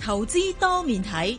投資多面睇。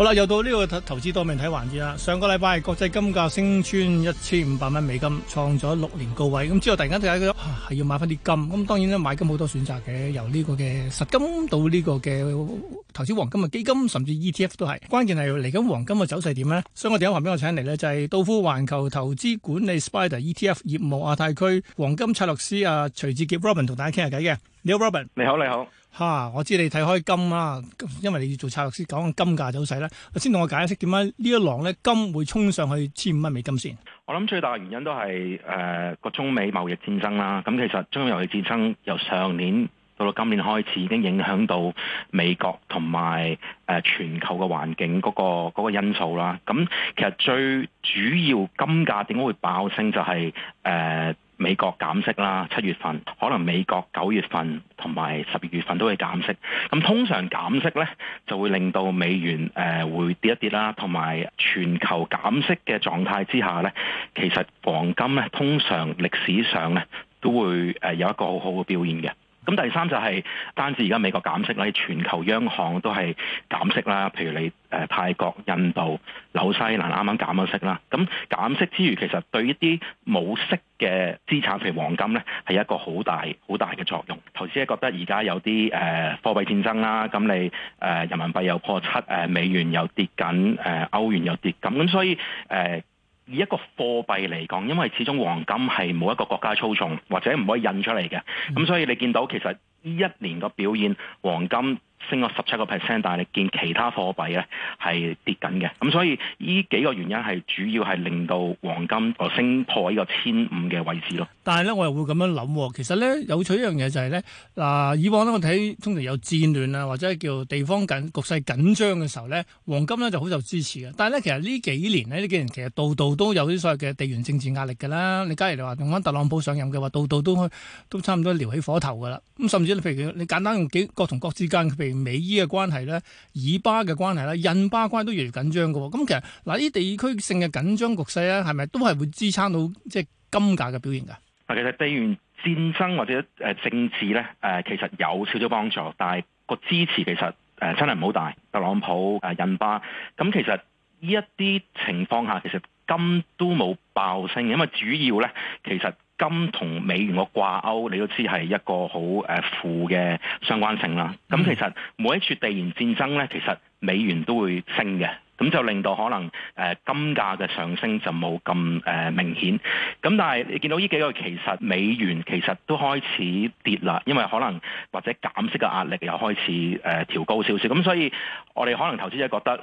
好啦，又到呢個投資多面睇環節啦。上個禮拜國際金價升穿一千五百蚊美金，創咗六年高位。咁之後突然間大家覺得係要買翻啲金。咁當然咧，買金好多選擇嘅，由呢個嘅實金到呢個嘅投資黃金嘅基金，甚至 ETF 都係。關鍵係嚟緊黃金嘅走勢點咧？所以我哋喺旁邊我請嚟咧就係、是、道富環球投資管理 SPDR ETF 業務亞太區黃金策略師阿徐志傑 Robin 同大家傾下偈嘅。你好，Robin。Robin，你好，你好。嚇，我知你睇開金啦，因為你要做策略師，講金價走勢咧，先同我解釋點解呢一浪咧金會衝上去千五蚊美金先。我諗最大嘅原因都係誒個中美貿易戰爭啦。咁其實中美貿易戰爭由上年到到今年開始，已經影響到美國同埋誒全球嘅環境嗰個嗰個因素啦。咁其實最主要金價點解會爆升就係、係、誒。呃美國減息啦，七月份可能美國九月份同埋十二月份都會減息。咁通常減息呢，就會令到美元誒、呃、會跌一跌啦，同埋全球減息嘅狀態之下呢，其實黃金呢，通常歷史上呢，都會誒有一個好好嘅表現嘅。咁第三就係單止而家美國減息啦，全球央行都係減息啦。譬如你誒、呃、泰國、印度、紐西蘭啱啱減咗息啦。咁、嗯、減息之餘，其實對一啲冇息嘅資產，譬如黃金呢，係一個好大好大嘅作用。投資者覺得而家有啲誒貨幣戰爭啦，咁你誒人民幣又破七、呃，誒美元又跌緊，誒、呃、歐元又跌，咁、嗯、咁所以誒。呃以一個貨幣嚟講，因為始終黃金係冇一個國家操縱，或者唔可以印出嚟嘅，咁、嗯、所以你見到其實呢一年嘅表現黃金。升咗十七個 percent，但係你見其他貨幣咧係跌緊嘅，咁所以呢幾個原因係主要係令到黃金升破呢個千五嘅位置咯。但係咧我又會咁樣諗，哦，其實咧有趣一樣嘢就係咧嗱，以往咧我睇通常有戰亂啊或者叫地方緊局勢緊張嘅時候咧，黃金咧就好受支持嘅。但係咧其實呢幾年呢，呢幾年呢其實度度都有啲所謂嘅地緣政治壓力㗎啦。你假如你話用返特朗普上任嘅話，度度都都差唔多撩起火頭㗎啦。咁甚至你譬如你簡單用幾國同國之間譬如。美伊嘅關係咧，以巴嘅關係咧，印巴關係都越嚟緊張嘅喎。咁其實嗱，呢地區性嘅緊張局勢咧，係咪都係會支撐到即係金價嘅表現㗎？嗱，其實地緣戰爭或者誒政治咧，誒其實有少少幫助，但係個支持其實誒真係唔好大。特朗普誒印巴咁，其實呢一啲情況下，其實金都冇爆升，因為主要咧其實。金同美元嘅掛鈎，你都知係一個好誒負嘅相關性啦。咁、嗯、其實每一次地緣戰爭咧，其實美元都會升嘅，咁就令到可能誒、呃、金價嘅上升就冇咁誒明顯。咁但係你見到呢幾個月，其實美元其實都開始跌啦，因為可能或者減息嘅壓力又開始誒調、呃、高少少。咁所以我哋可能投資者覺得誒呢、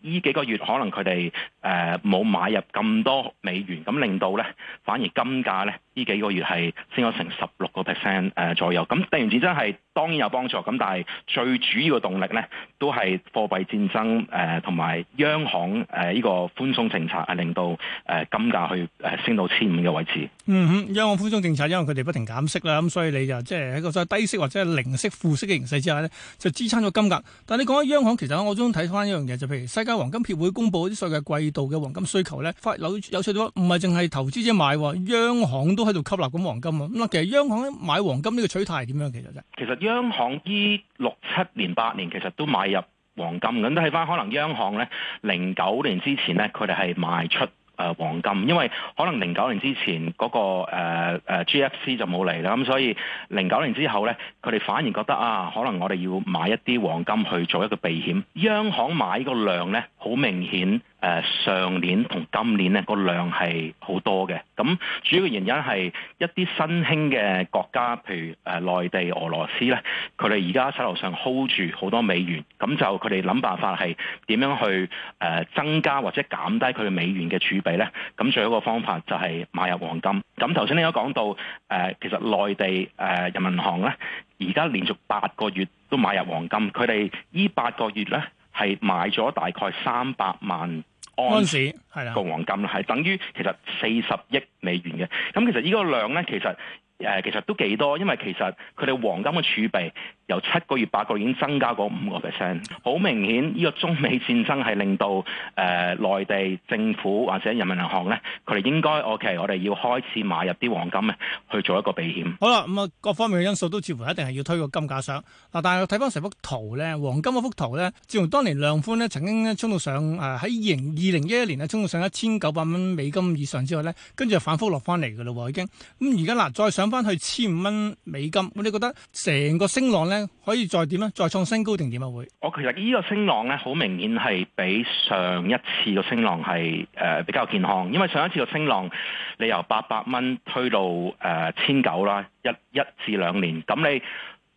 呃、幾個月可能佢哋誒冇買入咁多美元，咁令到咧反而金價咧。呢幾個月係升咗成十六個 percent 誒左右，咁定元戰爭係當然有幫助，咁但係最主要嘅動力咧，都係貨幣戰爭誒同埋央行誒呢個寬鬆政策，令到誒金價去誒升到千五嘅位置。嗯哼，央行寬鬆政策，因為佢哋不停減息啦，咁所以你就即係喺一個低息或者零息負息嘅形勢之下咧，就支撐咗金價。但係你講緊央行，其實我中睇翻一樣嘢，就譬如世界黃金協會公布嗰啲世界季度嘅黃金需求咧，發有有少少唔係淨係投資者買，央行都喺度吸納咁黃金啊。咁啊，其實央行買黃金呢個取態點樣其實啫？其實央行依六七年八年，年其實都買入黃金咁。睇返，可能央行咧，零九年之前咧，佢哋係賣出誒、呃、黃金，因為可能零九年之前嗰、那個誒誒、呃呃、GFC 就冇嚟啦。咁所以零九年之後咧，佢哋反而覺得啊，可能我哋要買一啲黃金去做一個避險。央行買個量咧，好明顯，誒、呃、上年同今年咧、那個量係好多嘅，咁主要嘅原因係一啲新興嘅國家，譬如誒、呃、內地、俄羅斯咧，佢哋而家手頭上 hold 住好多美元，咁就佢哋諗辦法係點樣去誒、呃、增加或者減低佢嘅美元嘅儲備咧？咁最好嘅方法就係買入黃金。咁頭先你有講到誒、呃，其實內地誒、呃、人民銀行咧，而家連續八個月都買入黃金，佢哋依八個月咧。係買咗大概三百萬盎司個黃金係 等於其實四十億美元嘅，咁、嗯、其實依個量咧，其實。誒其實都幾多，因為其實佢哋黃金嘅儲備由七個月、八個月已經增加過五個 percent，好明顯呢個中美戰爭係令到誒、呃、內地政府或者人民銀行咧，佢哋應該 OK，我哋要開始買入啲黃金啊，去做一個避險。好啦，咁、嗯、啊各方面嘅因素都似乎一定係要推個金價上嗱，但係睇翻成幅圖咧，黃金嗰幅圖咧，自從當年量寬咧曾經咧衝到上誒喺二零一一年咧衝到上一千九百蚊美金以上之外咧，跟住反覆落翻嚟㗎咯喎已經，咁而家嗱再上。翻去千五蚊美金，咁你覺得成個升浪咧可以再點咧？再創新高定點啊？會？我其實呢個升浪咧，好明顯係比上一次個升浪係誒比較健康，因為上一次個升浪你由八百蚊推到誒千九啦，一一至兩年，咁你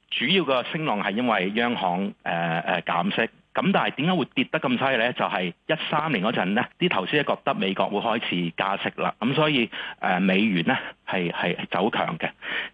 主要個升浪係因為央行誒誒減息。咁但係點解會跌得咁犀利咧？就係一三年嗰陣咧，啲投資者覺得美國會開始加息啦，咁所以誒美元咧係係走強嘅。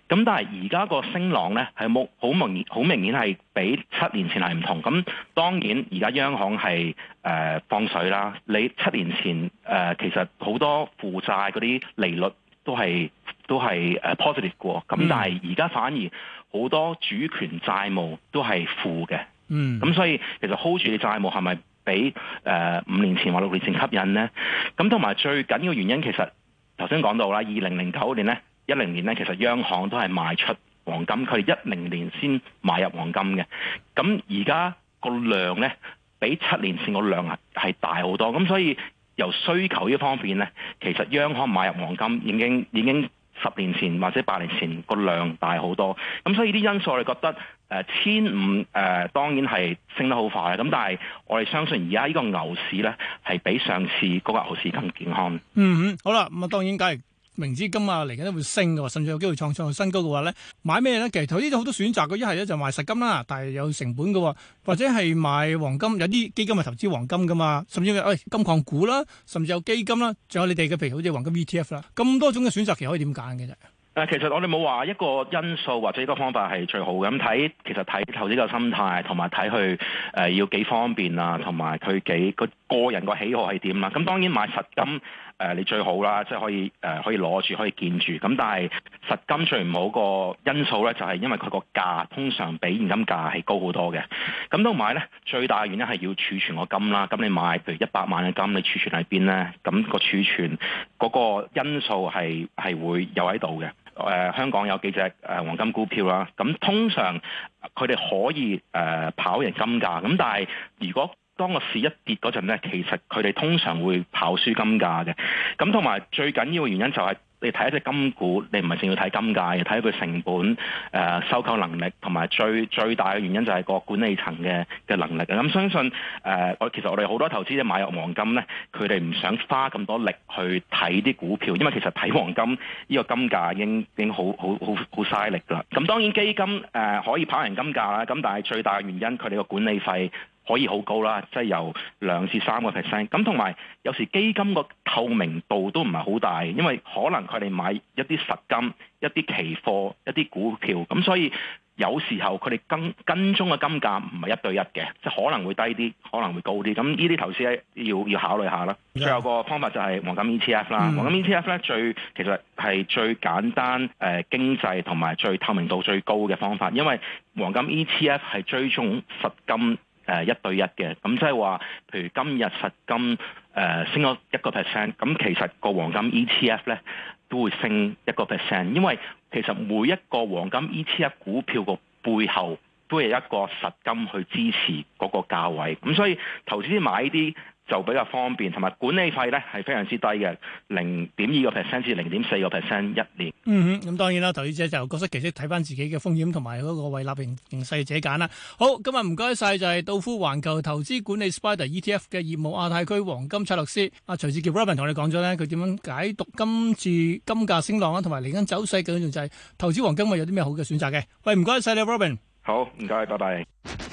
咁但係而家個升浪咧係冇好明，好明顯係比七年前係唔同。咁當然而家央行係誒、呃、放水啦。你七年前誒、呃、其實好多負債嗰啲利率都係都係誒 positive 嘅。咁但係而家反而好多主權債務都係負嘅。嗯，咁所以其實 hold 住嘅債務係咪比誒五年前或六年前吸引呢？咁同埋最緊要原因其實頭先講到啦，二零零九年呢，一零年呢，其實央行都係賣出黃金，佢哋一零年先買入黃金嘅。咁而家個量呢，比七年前個量啊係大好多。咁所以由需求呢方面呢，其實央行買入黃金已經已經。十年前或者八年前個量大好多，咁所以啲因素我哋覺得，誒千五誒，當然係升得好快，咁但係我哋相信而家呢個牛市呢係比上次嗰個牛市更健康嗯。嗯哼，好啦，咁啊當然計。明資金啊，嚟緊都會升嘅喎，甚至有機會創創新高嘅話咧，買咩咧？其實投資都好多選擇嘅，一係咧就買實金啦，但係有成本嘅；或者係買黃金，有啲基金係投資黃金嘅嘛，甚至係金礦股啦，甚至有基金啦，仲有你哋嘅譬如好似黃金 ETF 啦，咁多種嘅選擇，其實可以點揀嘅啫？誒，其實我哋冇話一個因素或者一個方法係最好嘅，咁睇其實睇投資個心態，同埋睇佢誒要幾方便啊，同埋佢幾個個人個喜好係點啊。咁當然買實金。誒、呃、你最好啦，即係可以誒、呃、可以攞住可以見住，咁但係實金最唔好個因素咧，就係、是、因為佢個價通常比現金價係高好多嘅。咁都買咧，最大嘅原因係要儲存個金啦。咁你買譬如一百萬嘅金，你儲存喺邊咧？咁個儲存嗰、那個因素係係會有喺度嘅。誒、呃、香港有幾隻誒、呃、黃金股票啦，咁通常佢哋可以誒、呃、跑贏金價，咁但係如果，當個市一跌嗰陣咧，其實佢哋通常會跑輸金價嘅。咁同埋最緊要嘅原因就係你睇一隻金股，你唔係淨要睇金價，睇佢成本、誒、呃、收購能力，同埋最最大嘅原因就係個管理層嘅嘅能力。咁、嗯、相信誒，我、呃、其實我哋好多投資者買入黃金咧，佢哋唔想花咁多力去睇啲股票，因為其實睇黃金呢、呢個金價已經已經好好好好嘥力啦。咁、嗯、當然基金誒、呃、可以跑贏金價啦，咁但係最大嘅原因，佢哋個管理費。可以好高啦，即係由兩至三個 percent。咁同埋，有時基金個透明度都唔係好大，因為可能佢哋買一啲實金、一啲期貨、一啲股票，咁所以有時候佢哋跟跟蹤嘅金價唔係一對一嘅，即係可能會低啲，可能會高啲。咁呢啲投資咧要要考慮下啦。最後個方法就係黃金 ETF 啦。黃金 ETF 咧最其實係最簡單、誒、呃、經濟同埋最透明度最高嘅方法，因為黃金 ETF 係追蹤實金。誒、呃、一對一嘅，咁即係話，譬如今日實金誒、呃、升咗一個 percent，咁其實個黃金 ETF 咧都會升一個 percent，因為其實每一個黃金 ETF 股票個背後都有一個實金去支持嗰個價位，咁、嗯、所以投資買啲。就比較方便，同埋管理費咧係非常之低嘅，零點二個 percent 至零點四個 percent 一年。嗯哼，咁、嗯、當然啦，投資者就各識其職，睇返自己嘅風險同埋嗰個為立盈勢者揀啦。好，今日唔該晒，就係道富環球投資管理 Spider ETF 嘅業務亞太區黃金策略師阿徐志傑 Robin 同你講咗咧，佢點樣解讀今次金價升浪啊，同埋嚟緊走勢究竟就係，投資黃金有啲咩好嘅選擇嘅。喂，唔該晒你，Robin。好，唔該，拜拜。